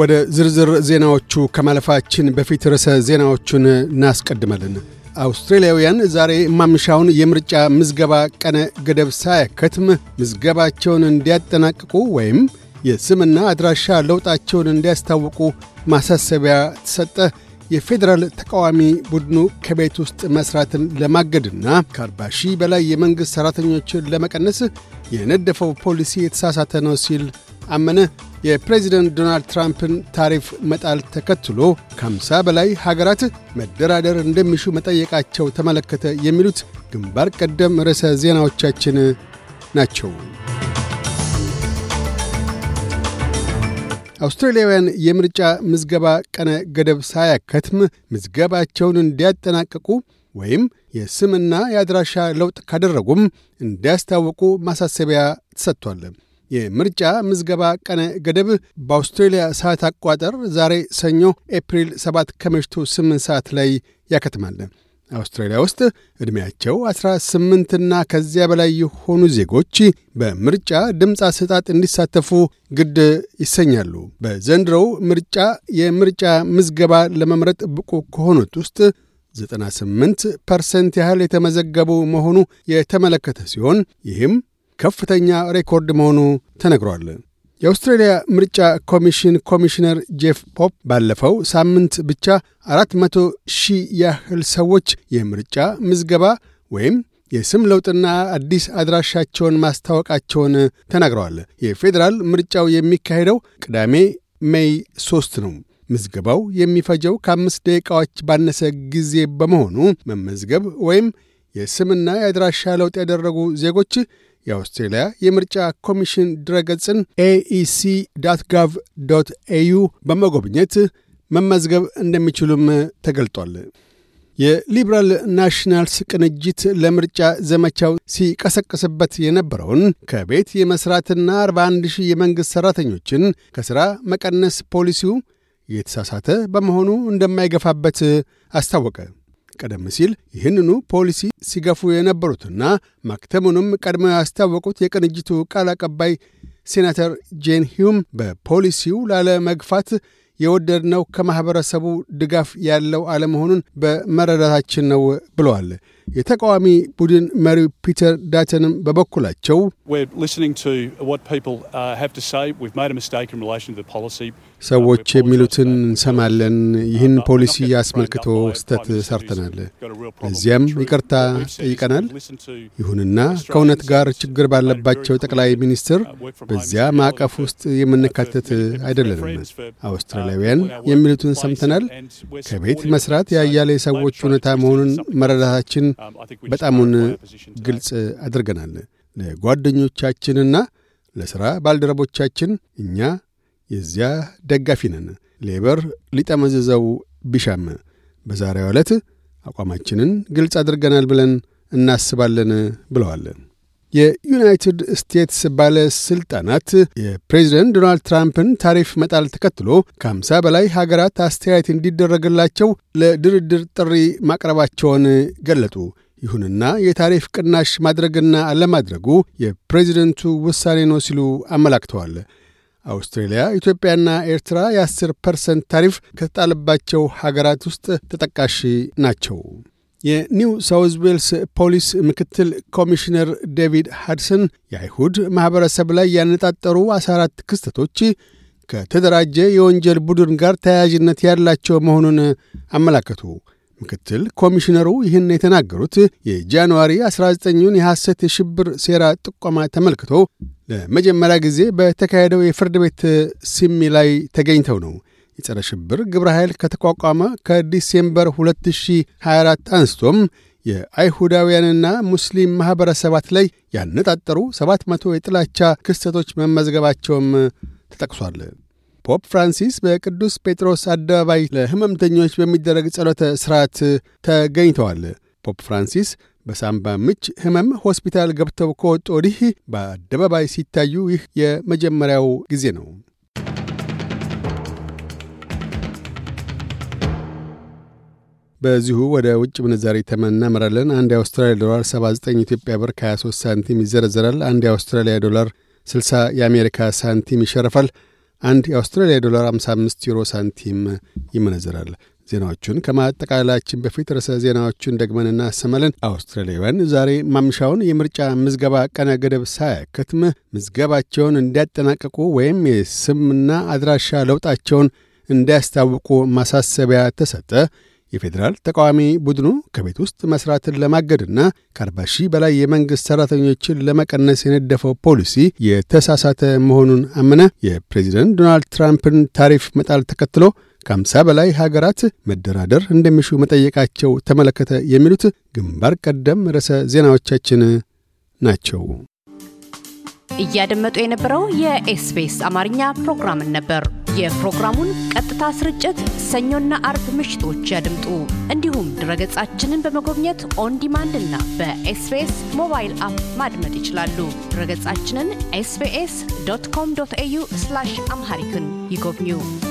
ወደ ዝርዝር ዜናዎቹ ከማለፋችን በፊት ርዕሰ ዜናዎቹን እናስቀድማለን። አውስትሬልያውያን ዛሬ ማምሻውን የምርጫ ምዝገባ ቀነ ገደብ ሳያከትም ምዝገባቸውን እንዲያጠናቅቁ ወይም የስምና አድራሻ ለውጣቸውን እንዲያስታውቁ ማሳሰቢያ ተሰጠ። የፌዴራል ተቃዋሚ ቡድኑ ከቤት ውስጥ መስራትን ለማገድና ከ40 ሺህ በላይ የመንግሥት ሠራተኞችን ለመቀነስ የነደፈው ፖሊሲ የተሳሳተ ነው ሲል አመነ የፕሬዚደንት ዶናልድ ትራምፕን ታሪፍ መጣል ተከትሎ ከ50 በላይ ሀገራት መደራደር እንደሚሹ መጠየቃቸው ተመለከተ። የሚሉት ግንባር ቀደም ርዕሰ ዜናዎቻችን ናቸው። አውስትራሊያውያን የምርጫ ምዝገባ ቀነ ገደብ ሳያከትም ምዝገባቸውን እንዲያጠናቀቁ ወይም የስምና የአድራሻ ለውጥ ካደረጉም እንዲያስታውቁ ማሳሰቢያ ተሰጥቷል። የምርጫ ምዝገባ ቀነ ገደብ በአውስትሬልያ ሰዓት አቋጠር ዛሬ ሰኞ ኤፕሪል 7 ከምሽቱ 8 ሰዓት ላይ ያከትማል። አውስትራሊያ ውስጥ ዕድሜያቸው 18ና ከዚያ በላይ የሆኑ ዜጎች በምርጫ ድምፅ አሰጣጥ እንዲሳተፉ ግድ ይሰኛሉ። በዘንድሮው ምርጫ የምርጫ ምዝገባ ለመምረጥ ብቁ ከሆኑት ውስጥ 98 ፐርሰንት ያህል የተመዘገቡ መሆኑ የተመለከተ ሲሆን ይህም ከፍተኛ ሬኮርድ መሆኑ ተነግሯል። የአውስትሬልያ ምርጫ ኮሚሽን ኮሚሽነር ጄፍ ፖፕ ባለፈው ሳምንት ብቻ አራት መቶ ሺህ ያህል ሰዎች የምርጫ ምዝገባ ወይም የስም ለውጥና አዲስ አድራሻቸውን ማስታወቃቸውን ተናግረዋል። የፌዴራል ምርጫው የሚካሄደው ቅዳሜ ሜይ 3 ነው። ምዝገባው የሚፈጀው ከአምስት ደቂቃዎች ባነሰ ጊዜ በመሆኑ መመዝገብ ወይም የስምና የአድራሻ ለውጥ ያደረጉ ዜጎች የአውስትሬልያ የምርጫ ኮሚሽን ድረገጽን ኤኢሲ ጋቭ ኤዩ በመጎብኘት መመዝገብ እንደሚችሉም ተገልጧል። የሊብራል ናሽናልስ ቅንጅት ለምርጫ ዘመቻው ሲቀሰቅስበት የነበረውን ከቤት የመስራትና 41 ሺህ የመንግሥት ሠራተኞችን ከሥራ መቀነስ ፖሊሲው የተሳሳተ በመሆኑ እንደማይገፋበት አስታወቀ። ቀደም ሲል ይህንኑ ፖሊሲ ሲገፉ የነበሩትና ማክተሙንም ቀድመው ያስታወቁት የቅንጅቱ ቃል አቀባይ ሴናተር ጄን ሂዩም በፖሊሲው ላለመግፋት የወደድነው ከማኅበረሰቡ ድጋፍ ያለው አለመሆኑን በመረዳታችን ነው ብለዋል። የተቃዋሚ ቡድን መሪው ፒተር ዳተንም በበኩላቸው ሰዎች የሚሉትን እንሰማለን። ይህን ፖሊሲ አስመልክቶ ስህተት ሰርተናል፣ ለዚያም ይቅርታ ጠይቀናል። ይሁንና ከእውነት ጋር ችግር ባለባቸው ጠቅላይ ሚኒስትር በዚያ ማዕቀፍ ውስጥ የምንካተት አይደለንም። አውስትራሊያውያን የሚሉትን ሰምተናል። ከቤት መስራት የአያሌ ሰዎች እውነታ መሆኑን መረዳታችን በጣሙን ግልጽ አድርገናል። ለጓደኞቻችንና ለሥራ ባልደረቦቻችን እኛ የዚያ ደጋፊ ነን። ሌበር ሊጠመዝዘው ቢሻም በዛሬው ዕለት አቋማችንን ግልጽ አድርገናል ብለን እናስባለን ብለዋል። የዩናይትድ ስቴትስ ባለሥልጣናት የፕሬዚደንት ዶናልድ ትራምፕን ታሪፍ መጣል ተከትሎ ከ50 በላይ ሀገራት አስተያየት እንዲደረግላቸው ለድርድር ጥሪ ማቅረባቸውን ገለጡ። ይሁንና የታሪፍ ቅናሽ ማድረግና አለማድረጉ የፕሬዚደንቱ ውሳኔ ነው ሲሉ አመላክተዋል። አውስትሬልያ፣ ኢትዮጵያና ኤርትራ የ10 ፐርሰንት ታሪፍ ከተጣለባቸው ሀገራት ውስጥ ተጠቃሽ ናቸው። የኒው ሳውዝ ዌልስ ፖሊስ ምክትል ኮሚሽነር ዴቪድ ሃድሰን የአይሁድ ማኅበረሰብ ላይ ያነጣጠሩ 14 ክስተቶች ከተደራጀ የወንጀል ቡድን ጋር ተያያዥነት ያላቸው መሆኑን አመላከቱ። ምክትል ኮሚሽነሩ ይህን የተናገሩት የጃንዋሪ 19ኙን የሐሰት የሽብር ሴራ ጥቆማ ተመልክቶ ለመጀመሪያ ጊዜ በተካሄደው የፍርድ ቤት ሲሚ ላይ ተገኝተው ነው። የጸረ ሽብር ግብረ ኃይል ከተቋቋመ ከዲሴምበር 2024 አንስቶም የአይሁዳውያንና ሙስሊም ማኅበረሰባት ላይ ያነጣጠሩ 700 የጥላቻ ክስተቶች መመዝገባቸውም ተጠቅሷል። ፖፕ ፍራንሲስ በቅዱስ ጴጥሮስ አደባባይ ለሕመምተኞች በሚደረግ ጸሎተ ሥርዓት ተገኝተዋል። ፖፕ ፍራንሲስ በሳምባ ምች ህመም ሆስፒታል ገብተው ከወጡ ወዲህ በአደባባይ ሲታዩ ይህ የመጀመሪያው ጊዜ ነው። በዚሁ ወደ ውጭ ምንዛሪ ተመን እናመራለን። አንድ የአውስትራሊያ ዶላር 79 ኢትዮጵያ ብር ከ23 ሳንቲም ይዘረዘራል። አንድ የአውስትራሊያ ዶላር 60 የአሜሪካ ሳንቲም ይሸርፋል። አንድ የአውስትራሊያ ዶላር 55 ዩሮ ሳንቲም ይመነዘራል። ዜናዎቹን ከማጠቃላችን በፊት ርዕሰ ዜናዎቹን ደግመን እናሰማለን። አውስትራሊያውያን ዛሬ ማምሻውን የምርጫ ምዝገባ ቀነ ገደብ ሳያከትም ምዝገባቸውን እንዲያጠናቀቁ ወይም የስምና አድራሻ ለውጣቸውን እንዲያስታውቁ ማሳሰቢያ ተሰጠ። የፌዴራል ተቃዋሚ ቡድኑ ከቤት ውስጥ መስራትን ለማገድና ከአርባ ሺህ በላይ የመንግሥት ሠራተኞችን ለመቀነስ የነደፈው ፖሊሲ የተሳሳተ መሆኑን አመነ። የፕሬዚደንት ዶናልድ ትራምፕን ታሪፍ መጣል ተከትሎ ከአምሳ በላይ ሀገራት መደራደር እንደሚሹ መጠየቃቸው ተመለከተ። የሚሉት ግንባር ቀደም ርዕሰ ዜናዎቻችን ናቸው። እያደመጡ የነበረው የኤስቢኤስ አማርኛ ፕሮግራምን ነበር። የፕሮግራሙን ቀጥታ ስርጭት ሰኞና አርብ ምሽቶች ያድምጡ። እንዲሁም ድረገጻችንን በመጎብኘት ኦን እና በኤስቢኤስ ሞባይል አፕ ማድመጥ ይችላሉ። ድረገጻችንን ኤስቢኤስ ዶት ኮም ዶት ኤዩ አምሃሪክን ይጎብኙ።